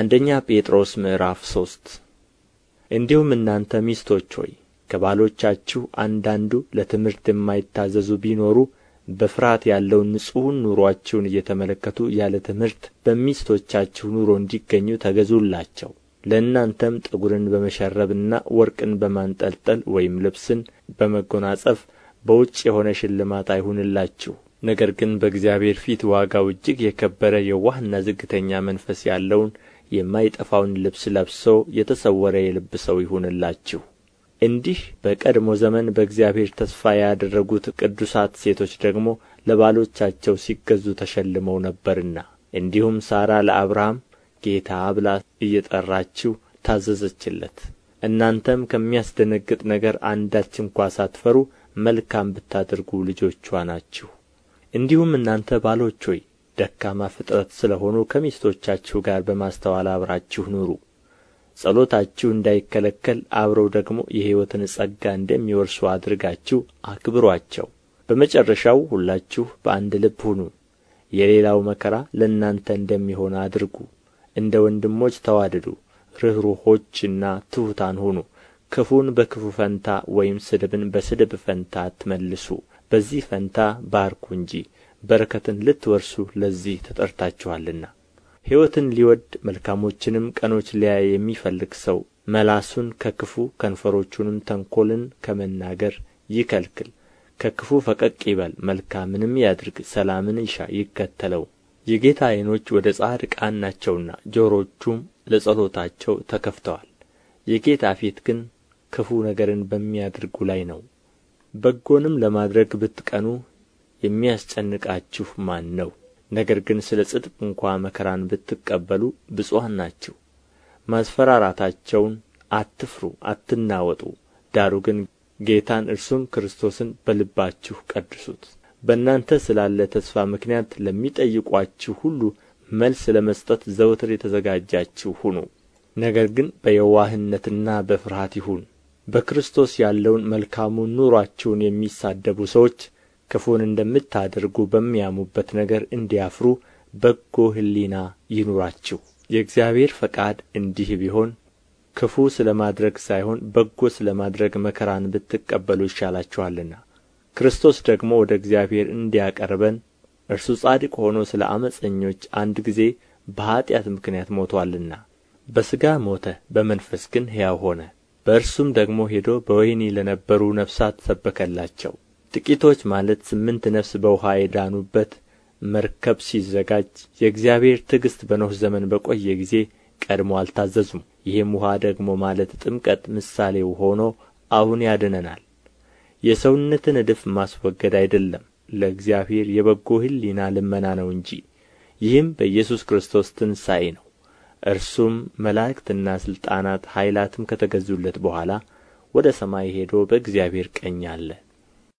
አንደኛ ጴጥሮስ ምዕራፍ ሶስት እንዲሁም እናንተ ሚስቶች ሆይ ከባሎቻችሁ አንዳንዱ ለትምህርት የማይታዘዙ ቢኖሩ በፍርሃት ያለውን ንጹሑን ኑሮአችሁን እየተመለከቱ ያለ ትምህርት በሚስቶቻችሁ ኑሮ እንዲገኙ ተገዙላቸው ለእናንተም ጠጉርን በመሸረብና ወርቅን በማንጠልጠል ወይም ልብስን በመጎናጸፍ በውጭ የሆነ ሽልማት አይሁንላችሁ። ነገር ግን በእግዚአብሔር ፊት ዋጋው እጅግ የከበረ የዋህና ዝግተኛ መንፈስ ያለውን የማይጠፋውን ልብስ ለብሶ የተሰወረ የልብ ሰው ይሁንላችሁ እንዲህ በቀድሞ ዘመን በእግዚአብሔር ተስፋ ያደረጉት ቅዱሳት ሴቶች ደግሞ ለባሎቻቸው ሲገዙ ተሸልመው ነበርና እንዲሁም ሳራ ለአብርሃም ጌታ ብላ እየጠራችው ታዘዘችለት። እናንተም ከሚያስደነግጥ ነገር አንዳች እንኳ ሳትፈሩ መልካም ብታደርጉ ልጆቿ ናችሁ። እንዲሁም እናንተ ባሎች ሆይ ደካማ ፍጥረት ስለ ሆኑ ከሚስቶቻችሁ ጋር በማስተዋል አብራችሁ ኑሩ ጸሎታችሁ እንዳይከለከል አብረው ደግሞ የሕይወትን ጸጋ እንደሚወርሱ አድርጋችሁ አክብሯቸው! በመጨረሻው ሁላችሁ በአንድ ልብ ሁኑ፣ የሌላው መከራ ለእናንተ እንደሚሆን አድርጉ። እንደ ወንድሞች ተዋደዱ፣ ርኅሩኾችና ትሑታን ሁኑ። ክፉን በክፉ ፈንታ ወይም ስድብን በስድብ ፈንታ አትመልሱ፣ በዚህ ፈንታ ባርኩ እንጂ በረከትን ልትወርሱ ለዚህ ተጠርታችኋልና ሕይወትን ሊወድ መልካሞችንም ቀኖች ሊያይ የሚፈልግ ሰው መላሱን ከክፉ ከንፈሮቹንም ተንኰልን ከመናገር ይከልክል ከክፉ ፈቀቅ ይበል መልካምንም ያድርግ ሰላምን ይሻ ይከተለው የጌታ ዐይኖች ወደ ጻድቃን ናቸውና ጆሮቹም ለጸሎታቸው ተከፍተዋል የጌታ ፊት ግን ክፉ ነገርን በሚያደርጉ ላይ ነው በጎንም ለማድረግ ብትቀኑ የሚያስጨንቃችሁ ማን ነው ነገር ግን ስለ ጽድቅ እንኳ መከራን ብትቀበሉ ብፁዓን ናችሁ ማስፈራራታቸውን አትፍሩ አትናወጡ ዳሩ ግን ጌታን እርሱም ክርስቶስን በልባችሁ ቀድሱት በእናንተ ስላለ ተስፋ ምክንያት ለሚጠይቋችሁ ሁሉ መልስ ለመስጠት ዘወትር የተዘጋጃችሁ ሁኑ ነገር ግን በየዋህነትና በፍርሃት ይሁን በክርስቶስ ያለውን መልካሙን ኑሮአችሁን የሚሳደቡ ሰዎች ክፉን እንደምታደርጉ በሚያሙበት ነገር እንዲያፍሩ በጎ ሕሊና ይኑራችሁ የእግዚአብሔር ፈቃድ እንዲህ ቢሆን ክፉ ስለ ማድረግ ሳይሆን በጎ ስለ ማድረግ መከራን ብትቀበሉ ይሻላችኋልና ክርስቶስ ደግሞ ወደ እግዚአብሔር እንዲያቀርበን እርሱ ጻድቅ ሆኖ ስለ ዓመፀኞች አንድ ጊዜ በኀጢአት ምክንያት ሞቶአልና በሥጋ ሞተ፣ በመንፈስ ግን ሕያው ሆነ። በእርሱም ደግሞ ሄዶ በወኅኒ ለነበሩ ነፍሳት ሰበከላቸው፣ ጥቂቶች ማለት ስምንት ነፍስ በውኃ የዳኑበት መርከብ ሲዘጋጅ የእግዚአብሔር ትዕግሥት በኖኅ ዘመን በቆየ ጊዜ ቀድሞ አልታዘዙም። ይህም ውኃ ደግሞ ማለት ጥምቀት ምሳሌው ሆኖ አሁን ያድነናል። የሰውነትን እድፍ ማስወገድ አይደለም፣ ለእግዚአብሔር የበጎ ሕሊና ልመና ነው እንጂ። ይህም በኢየሱስ ክርስቶስ ትንሣኤ ነው። እርሱም መላእክትና ሥልጣናት ኃይላትም ከተገዙለት በኋላ ወደ ሰማይ ሄዶ በእግዚአብሔር ቀኝ አለ።